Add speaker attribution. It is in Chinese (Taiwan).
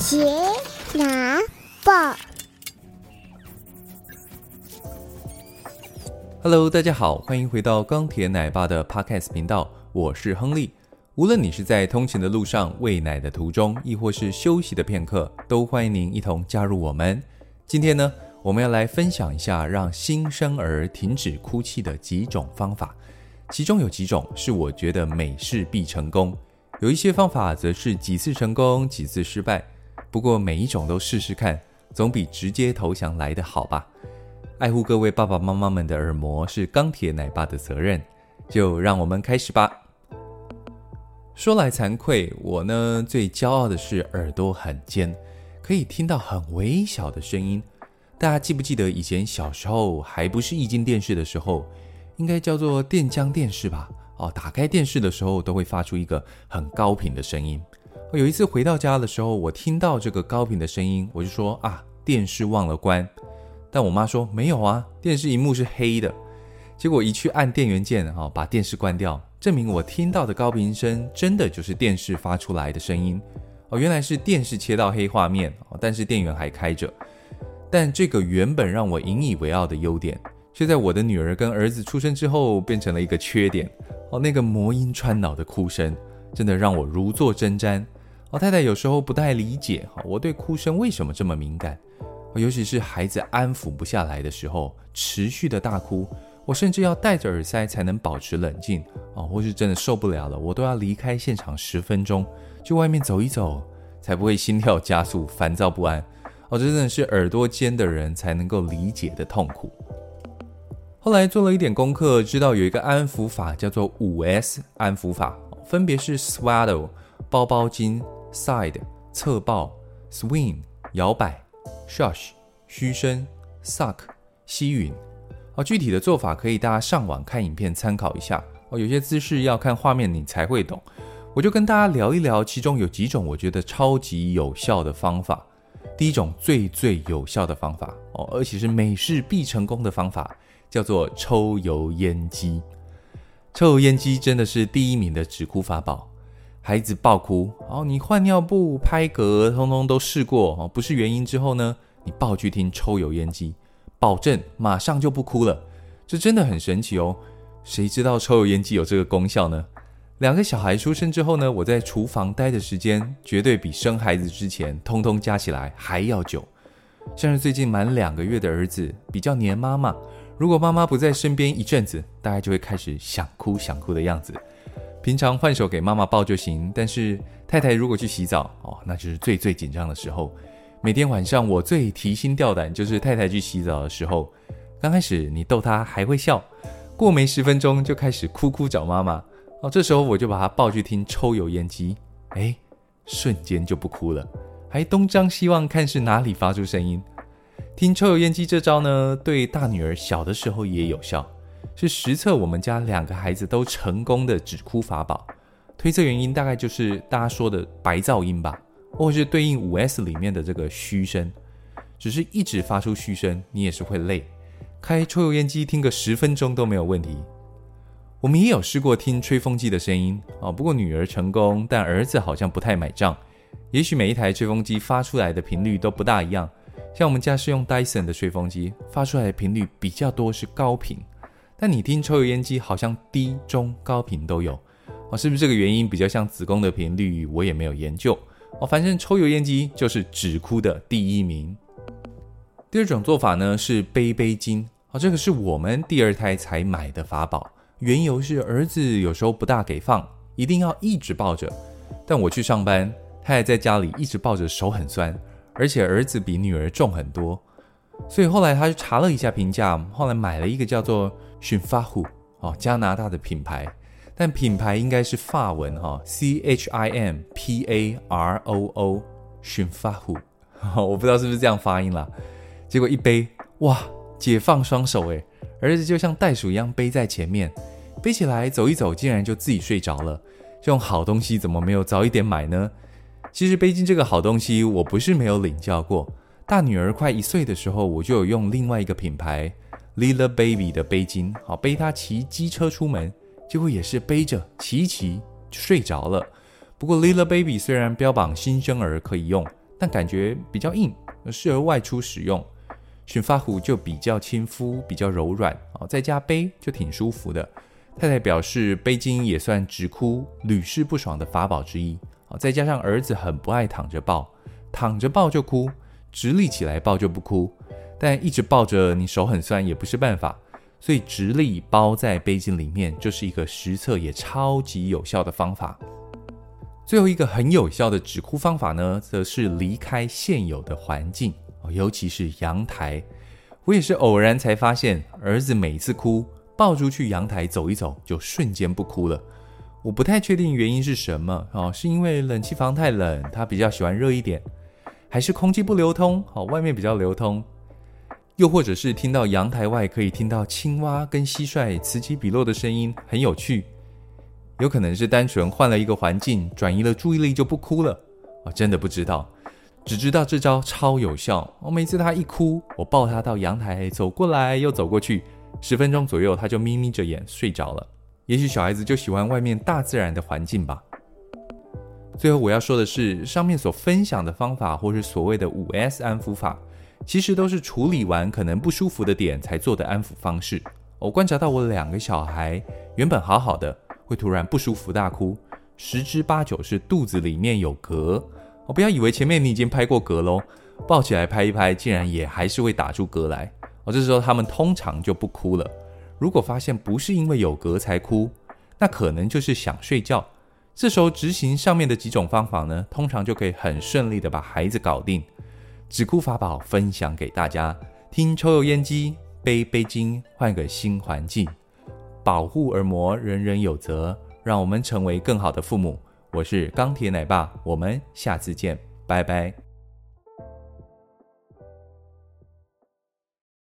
Speaker 1: 《杰拿報》，Hello，大家好，歡迎回到鋼鐵奶爸的 Podcast 頻道，我是亨利。無論你是在通勤的路上、餵奶的途中，亦或是休息的片刻，都歡迎您一同加入我們。今天呢，我們要來分享一下讓新生兒停止哭泣的幾種方法，其中有幾種是我覺得每試必成功，有一些方法則是幾次成功幾次失敗。不過每一種都試試看，總比直接投降來得好吧？愛護各位爸爸媽媽們的耳膜是鋼鐵奶爸的責任，就讓我們開始吧。說來慚愧，我呢，最驕傲的是耳朵很尖，可以聽到很微小的聲音。大家記不記得以前小時候還不是液晶電視的時候，應該叫做電漿電視吧？哦，打開電視的時候都會發出一個很高頻的聲音。有一次回到家的時候，我聽到這個高頻的聲音，我就說啊，電視忘了關。但我媽說，沒有啊，電視熒幕是黑的。結果一去按電源鍵，哈、哦，把電視關掉，證明我聽到的高頻聲真的就是電視發出來的聲音。哦，原來是電視切到黑畫面，哦、但是電源還開着。但這個原本讓我引以為傲的優點，卻在我的女兒跟兒子出生之後變成了一個缺點。哦，那個魔音穿腦的哭聲，真的讓我如坐針氈。老太太有時候不太理解我對哭聲為什麼這麼敏感，尤其是孩子安撫不下來的時候，持續的大哭，我甚至要戴着耳塞才能保持冷靜啊，或是真的受不了了，我都要離開現場十分鐘，去外面走一走，才不會心跳加速、煩躁不安。哦，這真的是耳朵尖的人才能夠理解的痛苦。後來做了一點功課，知道有一個安撫法叫做五 S 安撫法，分別是 swaddle 包包巾。side 側抱，swing 搖擺，shush 噓聲，suck 吸吮。哦，具體的做法可以大家上網看影片參考一下。哦，有些姿勢要看畫面你才會懂。我就跟大家聊一聊，其中有幾種我覺得超級有效的方法。第一種最最有效的方法哦，而且是美式必成功的方法，叫做抽油煙機。抽油煙機真的是第一名的止哭法寶。孩子暴哭哦，你換尿布、拍嗝，通通都試過哦，不是原因之後呢，你抱去聽抽油煙機，保證馬上就不哭了，這真的很神奇哦。誰知道抽油煙機有這個功效呢？兩個小孩出生之後呢，我在廚房待的時間絕對比生孩子之前通通加起來還要久。像是最近滿兩個月的兒子比較黏媽媽，如果媽媽不在身邊一陣子，大家就會開始想哭想哭的樣子。平常換手給媽媽抱就行，但是太太如果去洗澡哦，那就是最最緊張的時候。每天晚上我最提心吊膽就是太太去洗澡的時候。剛開始你逗她還會笑，過沒十分鐘就開始哭哭找媽媽哦。這時候我就把她抱去聽抽油煙機，欸，瞬間就不哭了，還東張西望看是哪裡發出聲音。聽抽油煙機這招呢，對大女兒小的時候也有效。是實測，我們家兩個孩子都成功的止哭法寶。推測原因大概就是大家說的白噪音吧，或是對應五 S 裡面的這個噓聲。只是一直發出噓聲，你也是會累。開抽油煙機聽個十分鐘都沒有問題。我們也有試過聽吹風機的聲音啊，不過女兒成功，但兒子好像不太買賬。也許每一台吹風機發出來的頻率都不大一樣，像我們家是用 Dyson 的吹風機，發出來的頻率比較多是高頻。但你聽抽油煙機好像低中高頻都有，啊、哦，是不是這個原因比較像子宮的頻率？我也沒有研究哦，反正抽油煙機就是止哭的第一名。第二種做法呢，是背背巾，啊、哦，這個是我們第二胎才買的法寶，緣由是兒子有時候不大給放，一定要一直抱着。但我去上班，他還在家裡一直抱着，手很酸，而且兒子比女兒重很多。所以後來他就查了一下評價，後來買了一個叫做“尋發虎”哦，加拿大的品牌，但品牌應該是法文哈、哦，C H I M P A R O O 尋發虎、哦，我不知道是不是這樣發音啦，結果一背，哇，解放雙手誒。兒子就像袋鼠一樣背在前面，背起來走一走，竟然就自己睡着了。這種好東西怎麼沒有早一點買呢？其實背巾這個好東西，我不是沒有領教過。大女兒快一歲的時候，我就有用另外一個品牌 Lilla Baby 的背巾，好背她騎機車出門，結果也是背着騎騎就睡着了。不過 Lilla Baby 雖然標榜新生兒可以用，但感覺比較硬，適合外出使用。卷髮虎就比較親膚，比較柔軟，哦，在家背就挺舒服的。太太表示，背巾也算止哭屢試不爽的法寶之一，哦，再加上兒子很不愛躺着抱，躺着抱就哭。直立起來抱就不哭，但一直抱着你手很酸，也不是辦法，所以直立抱在背巾裡面就是一個實測也超級有效的方法。最後一個很有效的止哭方法呢，則是離開現有的環境，尤其是陽台。我也是偶然才發現，兒子每次哭，抱出去陽台走一走就瞬間不哭了。我不太確定原因是什麼哦，是因為冷氣房太冷，他比較喜歡熱一點。還是空氣不流通，好、哦，外面比較流通。又或者是聽到陽台外可以聽到青蛙跟蟋蟀此起彼落的聲音，很有趣。有可能是單純換了一個環境，轉移了注意力就不哭了。啊、哦，真的不知道，只知道這招超有效。我、哦、每次他一哭，我抱他到陽台走過來又走過去，十分鐘左右他就眯眯着眼睡着了。也許小孩子就喜歡外面大自然的環境吧。最後我要說的是，上面所分享的方法，或是所謂的五 S 安撫法，其實都是處理完可能不舒服的點才做的安撫方式。我觀察到我兩個小孩原本好好的，會突然不舒服大哭，十之八九是肚子裡面有嗝。我不要以為前面你已經拍過嗝嘍，抱起來拍一拍，竟然也還是會打出嗝來。我這時候他們通常就不哭了。如果發現不是因為有嗝才哭，那可能就是想睡覺。這時候執行上面的幾種方法呢，通常就可以很順利的把孩子搞定。止哭法寶分享給大家：聽抽油煙機，背背巾，換個新環境，保護耳膜，人人有責。讓我們成為更好的父母。我是鋼鐵奶爸，我們下次見，拜拜。